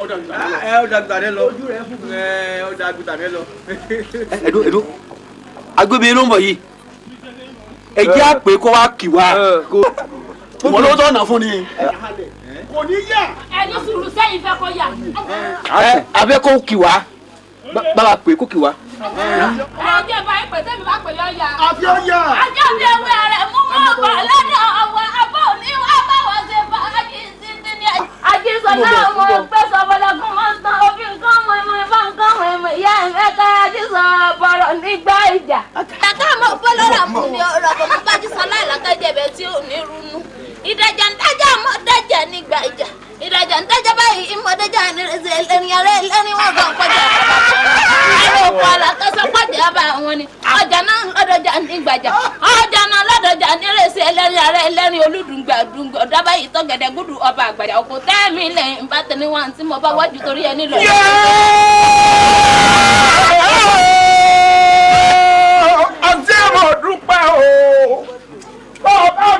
ọ̀dà gbìtàdé lọ ọ̀dà gbìtàdé lọ. ẹ̀dùn ẹ̀dùn agbébí ló ń bọ̀ yìí ẹ jẹ́ àpè kó wá kì wá wọ́n ló tọ̀nà fún ni. kò ní yà. ẹni sùúrù sẹ́yìn fẹ́ kó yà. ẹ abẹ́ kó kì wá bàbá pè kó kì wá. ọjọ́ ìbá ìpè tẹ́mi bá pè yọ àfi ọ ya. mi ẹwẹ́ rẹ̀ mú mọ́ ọgbà lẹ́nu ọ̀wọ́ abọ́ òní wá kí sọjá ọmọ pé sọfọlọgún máa ń tán òfin nǹkan mọ ẹmọ ìfọ nǹkan mọ ẹmọ ìyá ẹ̀mẹ́ kára tí sọ̀rọ̀ bọ̀rọ̀ nígbà ìjà. kàkà mọ̀ pé lọ́rọ̀ mú ni ọ̀rọ̀ kò mú bájú sọ láìlákàjẹ́ bẹ́ẹ̀ tí ò ní runú ìdájà ń dájà mọ́ dájà nígbà ìjà ìdájà ńdájà báyìí ìmọ̀dájà ìrẹsì ẹlẹ́niyàrá ẹlẹ́niyàn gan kọjá ẹ̀rọ òkú alákọ́sọ pàdé àbá àwọn ni ọjà náà lọ́dọ̀jà nígbàjà ọjà náà lọ́dọ̀jà nírẹsì ẹlẹ́niyàrá ẹlẹ́ni olùdùngbà dùngbà ọ̀dàbà yìí tọ́gẹ̀dẹ̀ gbúdù ọba àgbàjà òkú tẹ́ẹ̀mì lẹ́yìn bá tẹ̀lé wọn tí mo bá wájú torí ẹni lọ. yẹ́ẹ́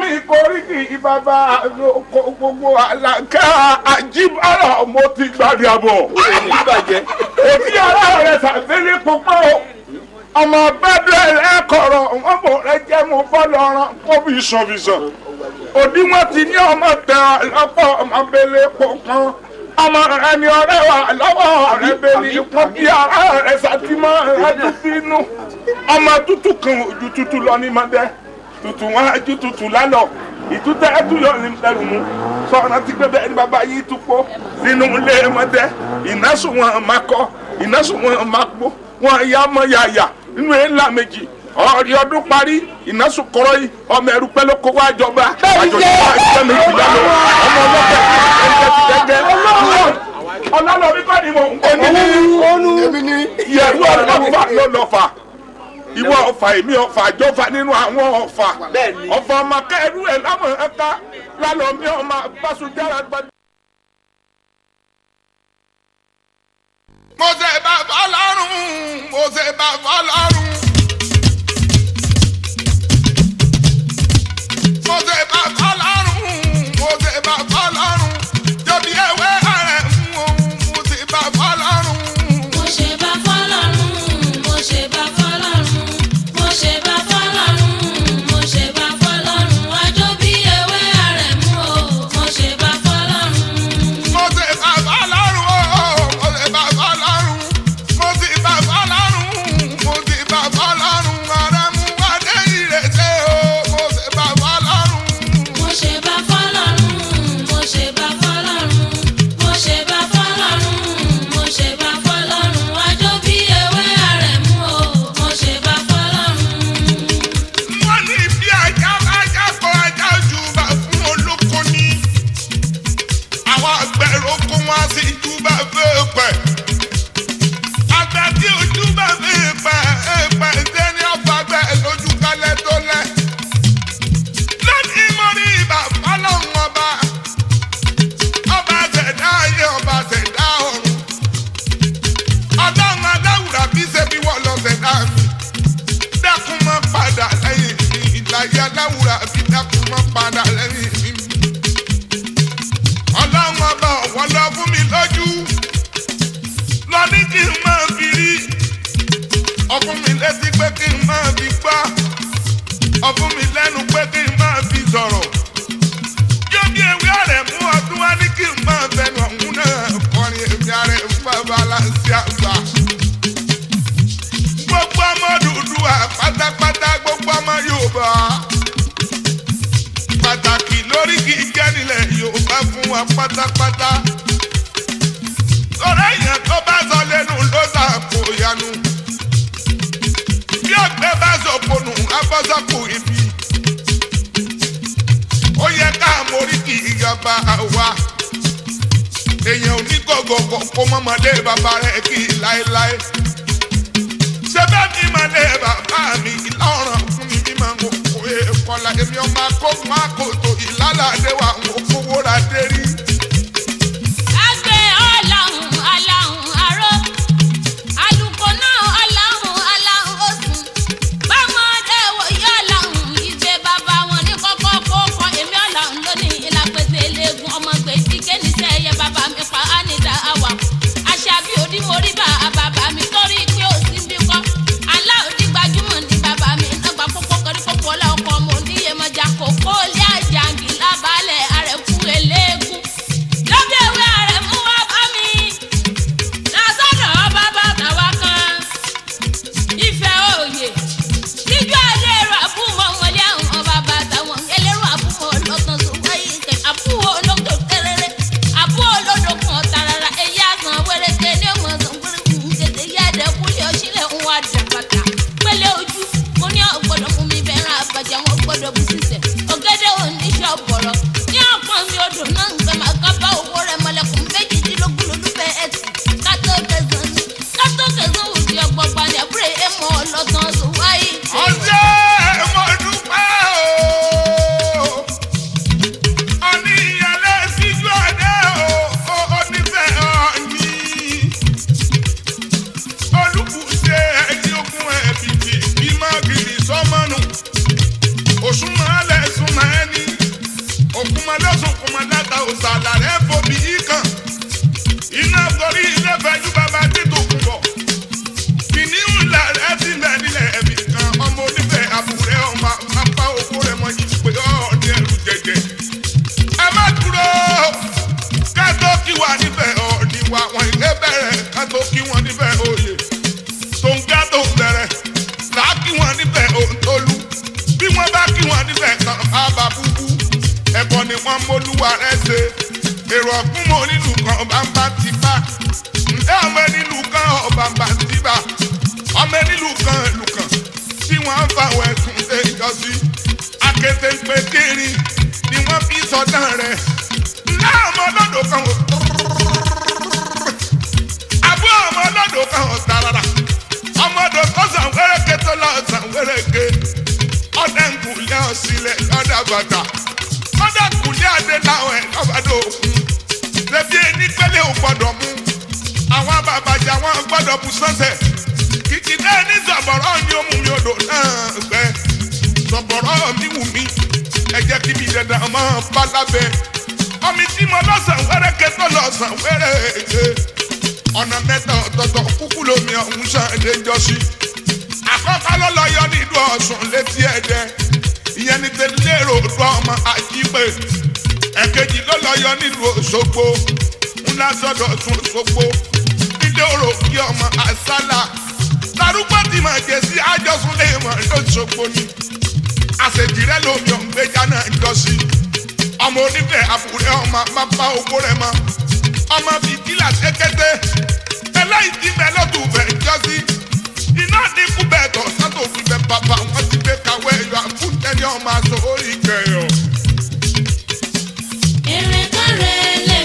mi koríki ìbàbà gbogbo àlàkà àjíbára mo ti gbàdúrà bọ̀. èmi ara rẹ̀ sàbẹ̀lẹ̀ púpọ̀ ọmọ bẹ́ẹ̀ lẹ́kọ̀ọ̀rọ̀ wọn bò rẹ jẹ́ mo bọ́ lọ́rọ̀ kó bí sọ̀bìsọ̀ òbí wọn ti ní ọmọ tẹ ọlọ́pọ̀ ọmọ bẹ́lẹ̀ púpọ̀ ọmọ rẹ ni ọ̀rẹ́ wa lọ́wọ́ rẹ bẹ́lẹ̀ púpọ̀ bí ara rẹ̀ sàtìmọ́ rẹ dúdú inú ọmọ tútù kan ojú tútù lọ ní mọ́tẹ́ tutù wọn aju tutù lálọ ìtútẹ ẹtúyọ ní ẹrù mu ti gbé bẹ́ẹ̀ ni bàbá yìí tún kó nínú ilé mọ́tẹ́ ìnásùn wọn máa kọ́ wọn ya mọ́ yàyà nínú ìlà méjì ọ̀rí ọdún parí ìnásùn yìí ọmọ ẹrú pẹ́ ló kó wá jọba àjọyọ̀ àjọyọ̀ méjì lálọ́ ọmọ ọlọ́pẹ́ ẹ̀ẹ́dẹ́gbẹ́ ọlọ́lọ́ mi kọ́ ni mò ń kọ́ ni. ìwọ ọfà èmi ọfà àjọfà nínú àwọn ọfà ọfà ọmọ kẹrù ẹ láwọn ẹka lálọ mi ọmọ básujára gbàdúrà. mo ṣe bàbá lọ́rùn mo ṣe bàbá lọ́rùn. mo ṣe bàbá lọ́rùn. gíga nílẹ̀ Yorùbá fún wa pátápátá. sọ̀rọ̀ èèyàn tó bá sọ lẹ́nu ló sàkó yanu. bí ọ̀gbẹ́ bá sọ̀kònù abọ́sọ̀kò ibi. ó yẹ ká mórí kì í gàba wa. èèyàn ò ní gọ̀gọ̀gọ̀ kó mọ́mọdé bàbá rẹ̀ kì í láéláé. ṣé bẹ́ẹ̀ ni màdé bàbá mi lọ́rùn fún mi bí màá wò ìwé la èmi ọba kó má kòtò ìlàlàdé wa ń kówó ra dé rí. àwọn bàbàjà wọn gbọ́dọ̀ bù sọ́sẹ̀ kìkìdá ní zọ̀bọ̀rọ̀ ni ó mú mi odò náà gbẹ zọ̀bọ̀rọ̀ mi wù mí ẹ jẹ́ kí mi dandan mọ́ pálábẹ́ omi tí mo lọ́sàn wẹ́rẹ́ kẹtọ́ lọ́sàn wẹ́rẹ́ ẹ̀jẹ̀ ọ̀nà mẹ́ta ọ̀tọ̀ọ̀tọ̀ kúkú lomi ọ̀hún ṣàǹdé jọ́sí àkọ́kọ́ lọ́lọ́ yọ ní ọ̀sùn létí ẹ̀dẹ́ ìyẹn ní tẹ̀lérò ọ̀dọ́ ọmọ àjípé ẹ̀kejì lọ́lọ́ yọ ní Òṣogbo ńlá sọ́dọ̀ tún Òṣogbo dòrò kí ọmọ àsálà lárúgbó tí mà jẹ sí àjọsùn lè lóṣogbo ni àṣejì rẹ ló náà jọ sí ọmọ onífẹ àbúrẹ ọmọ pápá owó rẹ mọ ọmọ fìtílà ṣẹkẹtẹ ẹlẹ́yìí bẹ lọ́dún bẹ̀ jọ sí iná ní kú bẹ́ẹ̀ tọ̀ bẹ bàbá wọn ti gbé kàwé ẹ̀yọ àfúntẹ́ni ọmọ àṣọ orí kẹyọ. èrè kárẹ̀ lẹ́.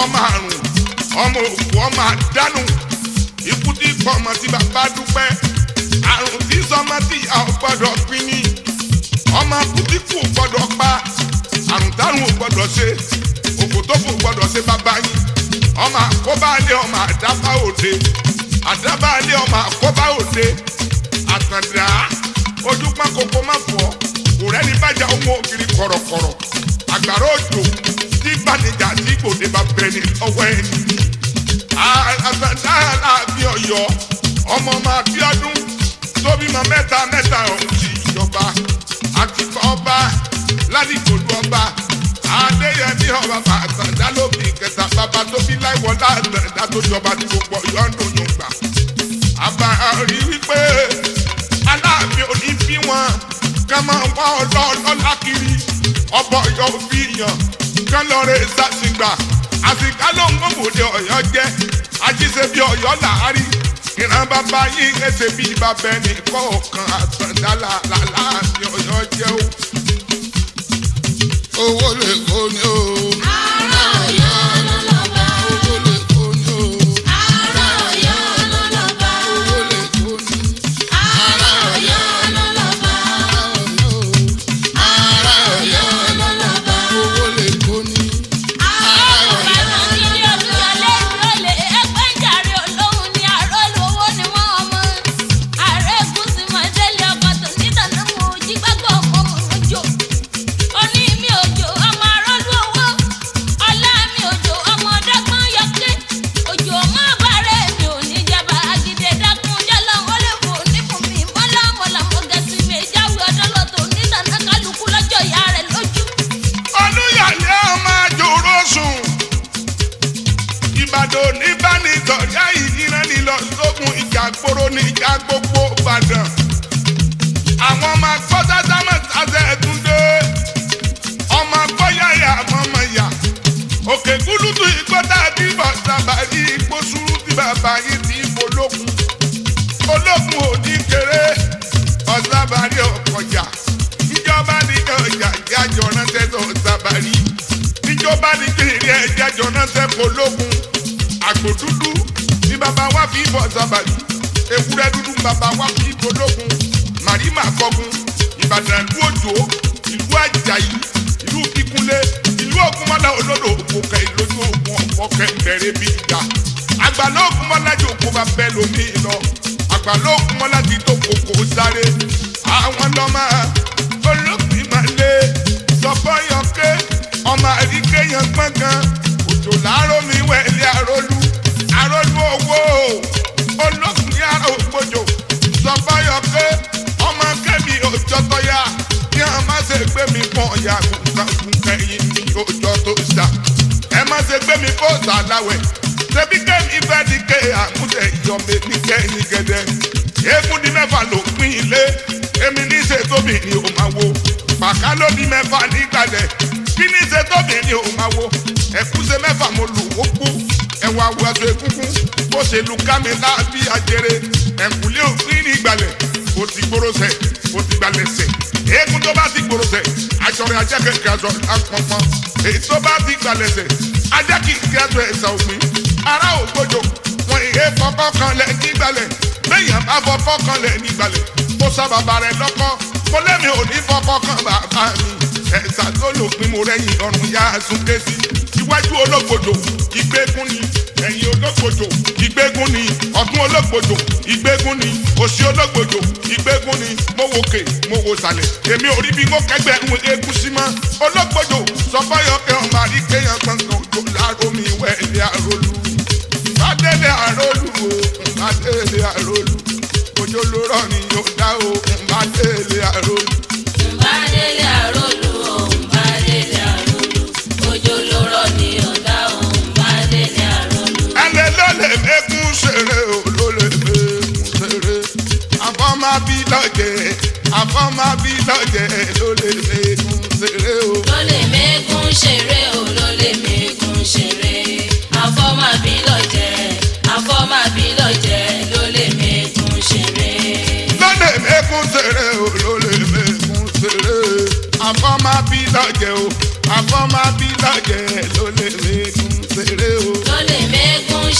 ọmọ àrùn ọmọ òkú ọmọ àdánù ikú tí kọ ọmọ tí bàbá dúpẹ́ àrùn tí sọmọ tí ìyá ọgbọ́dọ̀ pín ní ọmọ akútíkù gbọ́dọ̀ pa àrùn tárùn ò gbọ́dọ̀ ṣe òkú tó fò gbọ́dọ̀ ṣe bàbá yín ọmọ àkóbáálé ọmọ àdábá òde àdábáálé ọmọ àkóbá òde àtàndá ojú pọ́n kókó má fọ́ kò rẹ́ni ọmọ ògiri kọ̀rọ̀kọ̀rọ̀ àgbàrá òjò dìgbàdìjà tí kò dé bá bẹ̀rẹ̀ lọ́wọ́ ẹni. àgbàdá aláàbí ọ̀yọ́ ọmọ máa bí ọdún tóbi mọ mẹ́ta mẹ́ta ọ̀hún ti ìjọba àkìfà ọba ládìgbòlù ọba adéyẹmí ọba bàtàndá lóbi kẹta bàbá tóbi láìwọlá àtàndá tó jọba tí gbogbo ọ̀yọ́ ń dùn yóò gbà. àbá rí wípé aláàbí òní bí wọn ká máa wá ọlọ́ọ̀lọ́lá kiri ọbọ̀ yóò fi yàn nǹkan lọ́rẹ̀ sàṣìgbà àṣìká ló ń gbòmòdì ọ̀yọ́ jẹ́ àṣìṣe bí ọ̀yọ́ làárí ìran bàbá yín ẹsẹ̀ bíi bàbá ẹnì kọ̀ọ̀kan àtàndá làlá àti ọ̀yọ́ jẹ́ o. owó lè kó ni o. àrùn. ológun àgbò dúdú ni bàbá wa fi bọ̀ sábàlì ewúrẹ́ dúdú ni bàbá wa fi bọ̀ ológun màrímà kọgun ìbàdàn ìlú òjò ìlú àjàyí ìlú kíkúnlé ìlú ògúnmọ́lá olódò òkè ìlójú ògùn ọ̀kẹ́ bẹ̀rẹ̀ bí ìjà àgbàlá ògúnmọ́lá jòkó bá bẹ́ẹ̀ lómi lọ àgbàlá ògúnmọ́lá ti tó kòkó sáré àwọn lọ́mọ olóògbé máa lé sọ ọmọ àríkéyàn gbọ̀ngàn sàárò mi wẹ̀lẹ̀ àròlù àròlù owó olókùn ní ara ògbójò ya kí a má ṣe gbé mi pọ̀ ya kùnkànkùn kẹ́yìn ní òjò tó ṣá ẹ má ṣe gbé mi kó sàláwẹ̀ ṣebí kẹ́mi fẹ́ di ké àmúṣe ìjọba ní kẹ́yìn gẹ́dẹ́ eégún di mẹ́fà ló pín ilé èmi ní ṣe tóbi ni ò máa wo pàkà ló di mẹ́fà nígbàlẹ̀ bí ní ṣe tóbi ni ò máa wo ẹ̀kúṣe mẹ́fà mo lù ó kú ẹ̀wọ̀ àwùjọ egungun bó ṣe lu kámẹ́lá bí ajere ẹ̀kúlé òfin ní ìgbàlẹ̀ kò ti gbòròṣẹ̀ kò ti gbàlẹ̀ sẹ̀ eégún tó bá ti gbòròṣẹ̀ aṣọ rẹ̀ ajẹ́ kẹ̀kẹ́ aṣọ àpọ̀pọ̀ èyí tó bá ti gbàlẹ̀ sẹ̀ ajẹ́ kìkì aṣọ ẹ̀sà òpin ara ògbójò wọn ìhé fọkọ́ kan lẹ̀ nígbàlẹ̀ bẹ́yàn bá fọkọ́ kan lẹ̀ nígbàlẹ̀ kó sábàbà rẹ̀ lọ́kọ́ kó lẹ́mi ò ní fọkọ́ kan bàbá mi ẹ̀sà tó lòpin mo rẹ́yìn ọ̀run yá sunké iwájú ológbòdò ìgbégún ni ẹ̀yìn ológbòdò ìgbégún ni ọ̀tún ológbòdò ìgbégún ni òsì ológbòdò ìgbégún ni mo wò kè mo wò sàlẹ̀ èmi ò rí bí mo kẹgbẹ́ ń egun sí mọ́ ológbòdò sọ fáyọ̀ pé ọmọ àríkè yẹn gbọ̀ngàn tó láàrọ̀ mi wẹ̀ ilé àrólù bàdélé àrólù o bàdélé àrólù òjò ló rọ̀ ni yóò dá o bàdélé àrólù. bàdélé àrólù. mèrè olólèmè mùsèrè àfọ́mábí lọ́jẹ̀ àfọ́mábí lọ́jẹ̀ lólèmè mùsèrè o. lólèmè gún ṣeré o lólèmè gún ṣeré àfọ́mábí lọ́jẹ̀ àfọ́mábí lọ́jẹ̀ lólèmè gún ṣeré. lólèmè gún ṣeré o lólèmè gún ṣeré àfọ́mábí lọ́jẹ̀ o àfọ́mábí lọ́jẹ̀ lólèmè gún ṣeré o.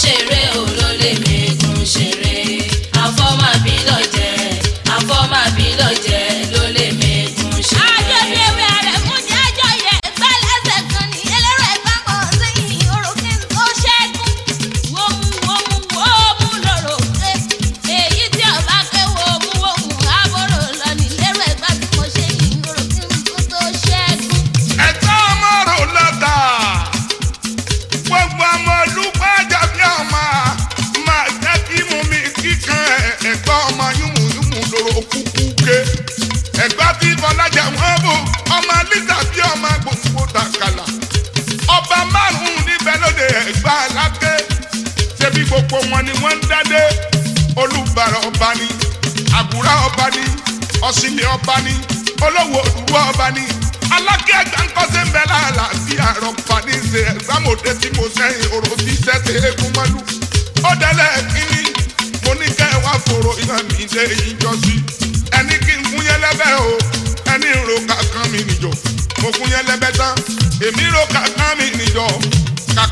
ṣeré o. lè mẹ́kún ṣeré.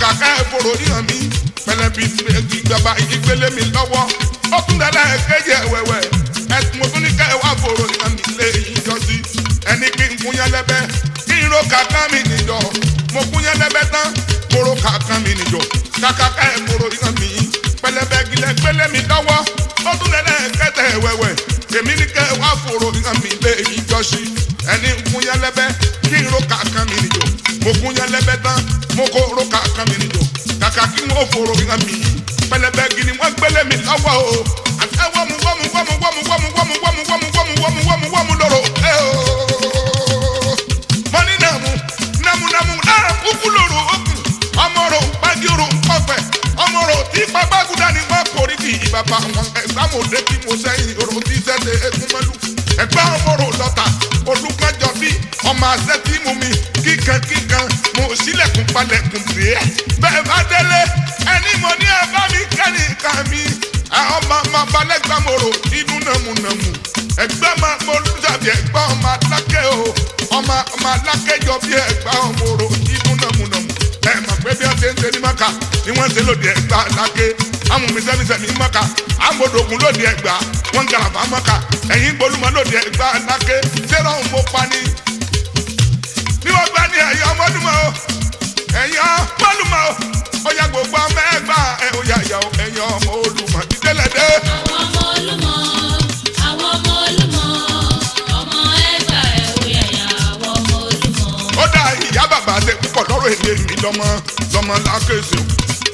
kàkà ẹ̀bùrò níhàn mi pẹlẹbi ìjọba ìgbélé mi lọ́wọ́ ó tún dada ẹ̀kẹ́jì ẹ̀wẹ̀wẹ̀ ẹ̀sùn mo tún ní ká ẹ̀wà fòrò níhàn mi lé ìjọsí ẹni kí n kúnyán lẹ́bẹ́ kí n ro kàkà mi nìjọ mo kúnyán lẹ́bẹ́ tán mo ro kàkà mi nìjọ kàkà ká ẹ̀bùrò níhàn mi pẹlẹbẹ gilẹ̀ gbélé mi lọ́wọ́ ó tún dada ẹ̀kẹ́jì ẹ̀wẹ̀wẹ̀ èmi ní ká ẹ̀wà fòrò níhàn mi lé ìjọsí ẹni kúnyán lẹ́bẹ́ wọn ò fòrò ìran mi pẹlẹbẹ gini wọn gbélé mi lọ́wọ́ o àti ẹwọ mu wọmu wọmu wọmu wọmu wọmu wọmu wọmu wọmu wọmu wọmu wọmu lọ́rọ̀ ẹ o. mo ní nàmú nàmú nàmú náà kúkú lòrò okùn ọmọ rò gbági rò kọfẹ ọmọ rò tí pápákúdà ni wọn kò rí bí ìbàbà wọn ẹgbàmọ lé bí mo sẹ́yìn rò tí sẹsẹ egunmọlú ẹgbẹ ọmọ rò lọta olùkọjọ bí ọmọ àṣẹ tí mú mi kíkan kíkan sílẹ̀kùn palẹ̀kùn pè é bẹ́ẹ̀ bá délé ẹni mo ní ẹ bá mi kẹ́lì ká mi àwọn màmá balẹ̀gbàmọ̀rò inú nàmùnàmù ẹgbẹ́ máa polúdàbí ẹgbẹ́ ọmọ alákẹ́ o ọmọ ọmọ alákẹ́ jọ bí ẹgbẹ́ ọmọrò inú nàmùnàmù ẹ mọ̀ pé bí wọ́n ṣe ń ṣe ní mọ́kà ni wọ́n ṣe lòdì ẹgbẹ́ alákẹ́ àwọn mi maka, ní mọ́kà àgbòdògùn lòdì ẹgbẹ́ wọn gàlàfà mọ́kà ẹ̀yìn gbolúmọ́ lòdì ẹgbẹ́ alákẹ́ sẹ́rọ̀ ń mọ́pa ni ni ẹ̀yọ́ mọ́lùmọ́ o ẹ̀yọ́ mọ́lùmọ́ o ó yà gbogbo ọmọ ẹ̀fà ẹ̀ ó yà yà ẹ̀yọ́ ọmọ olùmọ̀ dídélẹ̀dẹ́. àwọn ọmọ ó dá ìyá bàbá àti púpọ̀ lọ́rọ̀ èdè mi lọ́mọ lọ́mọ lákèsè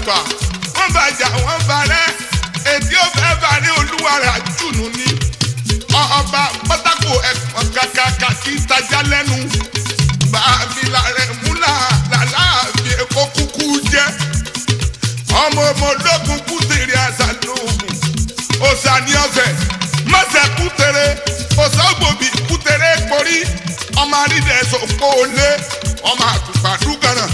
ọ̀tọ̀ wọ́n bàjá wọ́n balẹ̀ èdè ọ̀fẹ́ bá ní olúwa rà jùnú ni ọba pátákó ẹ̀kọ́ kàkàkà kì í tajà lẹ́nu bàbílà rẹ̀ múlà làlàáfíà èkó kúkú jẹ́ ọmọ ọmọ ológun kùtèrè àṣà lóògùn ọ̀sà ní ọ̀fẹ́ mọ̀sẹ̀ kùtèrè ọ̀sà ògbòbí kùtèrè porí ọmọ àrídẹ̀ẹ́sọ̀ kó o lé ọmọ àtùpàdúgànà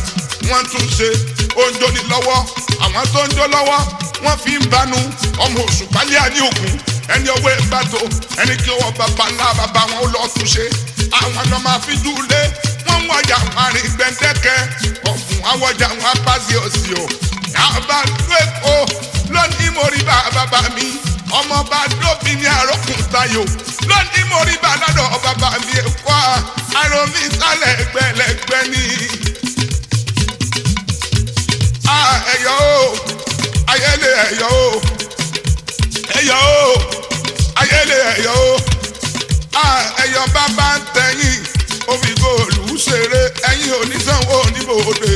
wọ́n tún ṣe oúnjẹ ní lọ́wọ́ àwọn tó ń jó lọ́wọ́ wọ́n fi ń banu ọmọ oṣù pálí àní òkun ẹni ọwọ́ ẹgbà tó ẹni kí ọwọ́ bàbá ńlá bàbá wọn ó lọ tún ṣe àwọn lọ máa fi dúlé wọ́n ń wọjà wọn àrìn ọ̀gùn àwọjà wọn apáṣẹ òsì o àbá ló èkó lónìí mo rí bàbá mi ọmọ bá dóbi ní àròkùn tayo lónìí mo rí bàbá mi èkó àròmí sálẹ̀ gbẹ̀lẹ̀gbẹ̀ ni. ẹ̀yọ́ o ẹ̀yọ́ o ayẹlẹ ẹ̀yọ́ o ẹ̀yọ́ bàbá ń tẹ̀yìn ó fi góòlù ṣeré ẹ̀yìn oníṣẹ́ òun ò ní bòde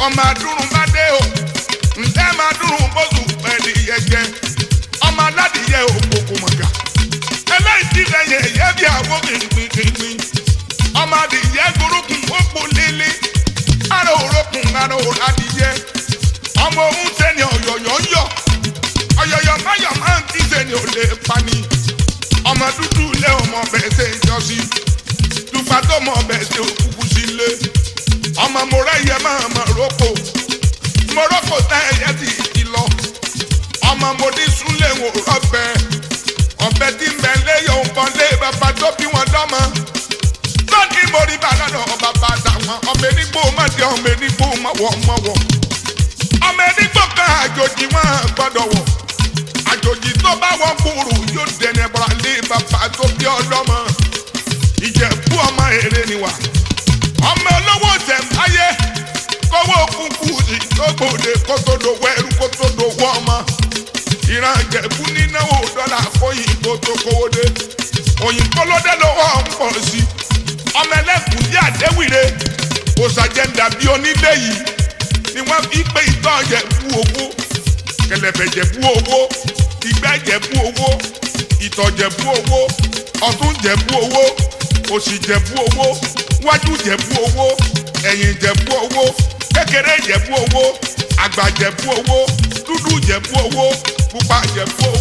ọmọ adúrún bá dé o ǹjẹ́ máa dúrún bóṣù pẹ̀lú ìyẹ̀jẹ̀ ọmọ aládìyẹ òkòkò mọ̀gà eléyìí ti lẹ́yìn ẹ̀yẹ bí àwọ̀ kìrìkìrìkìrì ọmọ adìyẹ gbórókùn ó pò lélé ara òrókùn ara òrò adìyẹ ọmọ ohun tẹni ọ̀yọ̀yọ̀ ń yọ̀ ọ̀yọ̀yọ̀ máyọ̀ máa ń tí tẹni ò lè pani ọmọ dúdú lé ọmọ bẹ̀ẹ́ tẹ ìjọsí dùpàtọ́ ọmọ bẹ̀ẹ́ tẹ dàbí onílé yìí ni wọ́n fi pé ìtọ́ Ìjẹ̀bú owó kẹlẹ̀bẹ̀ Jẹ̀bú owó ìgbẹ́ Jẹ̀bú owó ìtọ̀ Jẹ̀bú owó ọ̀tún Jẹ̀bú owó òsì Jẹ̀bú owó wájú Jẹ̀bú owó ẹ̀yìn Jẹ̀bú owó kékeré Jẹ̀bú owó àgbà Jẹ̀bú owó dúdú Jẹ̀bú owó pupa Jẹ̀bú owó.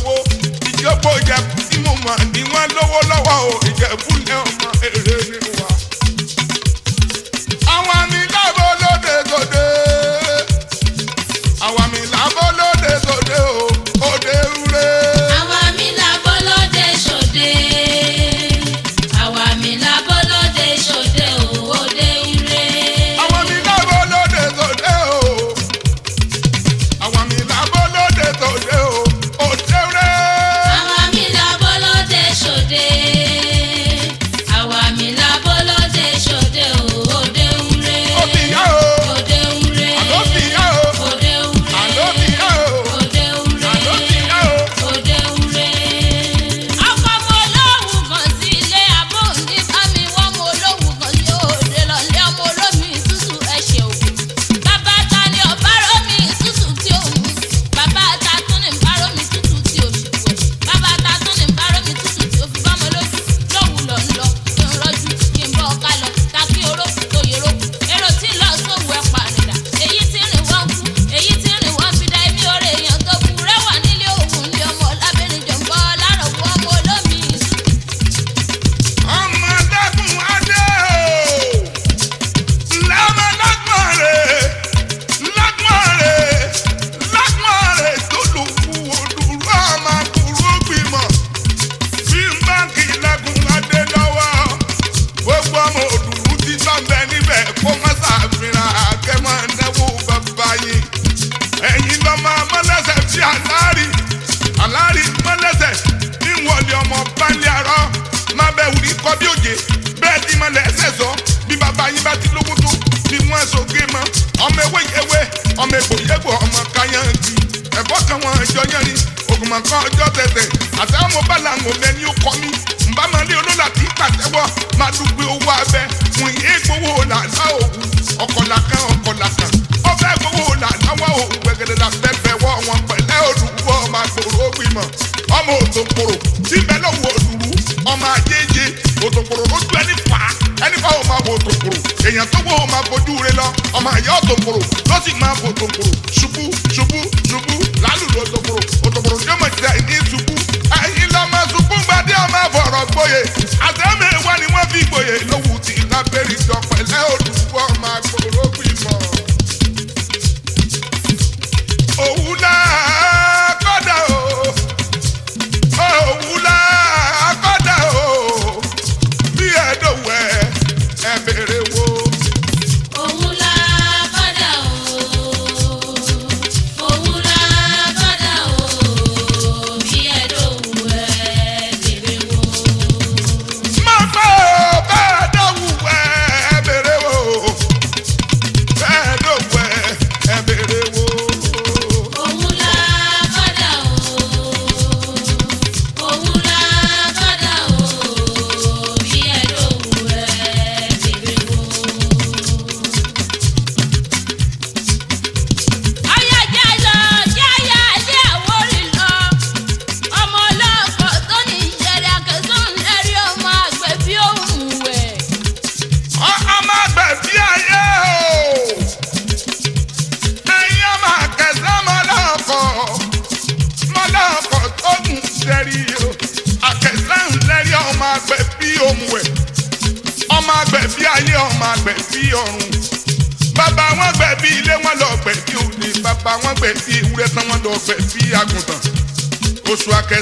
tòkòrò ló sì máa fò tòkòrò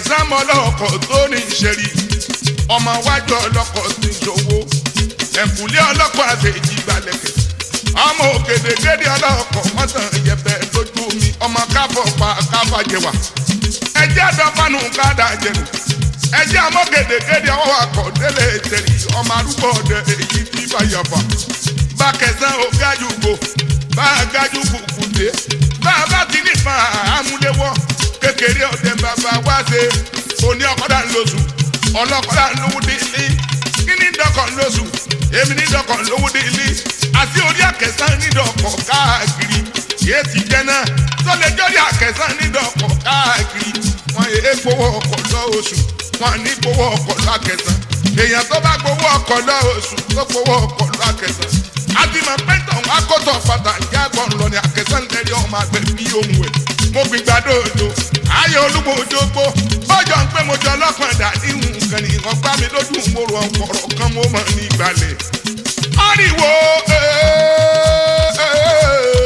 sámọ ọlọ́kọ̀ tó ní ìṣeré ọmọ wájú ọlọ́kọ̀ ti ṣòwò ẹ̀kúlé ọlọ́kọ̀ àfẹ́jì gbalẹ̀kẹ̀ ọmọ òkèdègédé ọlọ́kọ̀ mọ́tàn yẹpẹ̀ lójú mi ọmọ káfọ̀ pa káfà jẹwà ẹjẹ́ àdọ́fánù kádà jẹnu ẹjẹ́ àmọ́ gèdègédé ọwọ́ àkọ́délé tẹ̀lé ọmọ arúgbó ọ̀dẹ èyí tí fàyàfà bá kẹsàn ó gájú gbò bá gájú kùkùté bá bá ti nípa àmúléwọ́ kékeré ọ̀d bá wá ṣe oní ọ̀kadà lóṣù ọlọ́kadà lówó délé kí ní dọ́kọ̀ lóṣù èmi ní dọ́kọ̀ lówó délé àti orí àkẹsàn ní dọ́kọ̀ káàkiri yéé ti jẹ́ náà sọ́lẹ̀ jọ́rí àkẹsàn ní dọ́kọ̀ káàkiri wọ́n yéé gbowó ọkọ̀ lọ oṣù wọ́n ní gbowó ọkọ̀ lọ àkẹsàn èèyàn tó bá gbowó ọkọ̀ lọ oṣù tó gbowó ọkọ̀ lọ àkẹsàn àti màpẹ́ntàn akọ́tọ̀ fàtà jágbọ̀n lọ ní àkẹsàn tẹ̀lé ọmọ àgbẹ̀ bí ohun ẹ̀ mo gbìgbà dòdò ayé olúwo dógbó bọ́jọ́ ń pé mo jọ lọ́kàn dà ní nǹkan ní ọgbà mi lójú mo rọ ọ̀rọ̀ kan mo mọ̀ ní ìgbàlẹ̀. ariwo ee. Eh, eh, eh,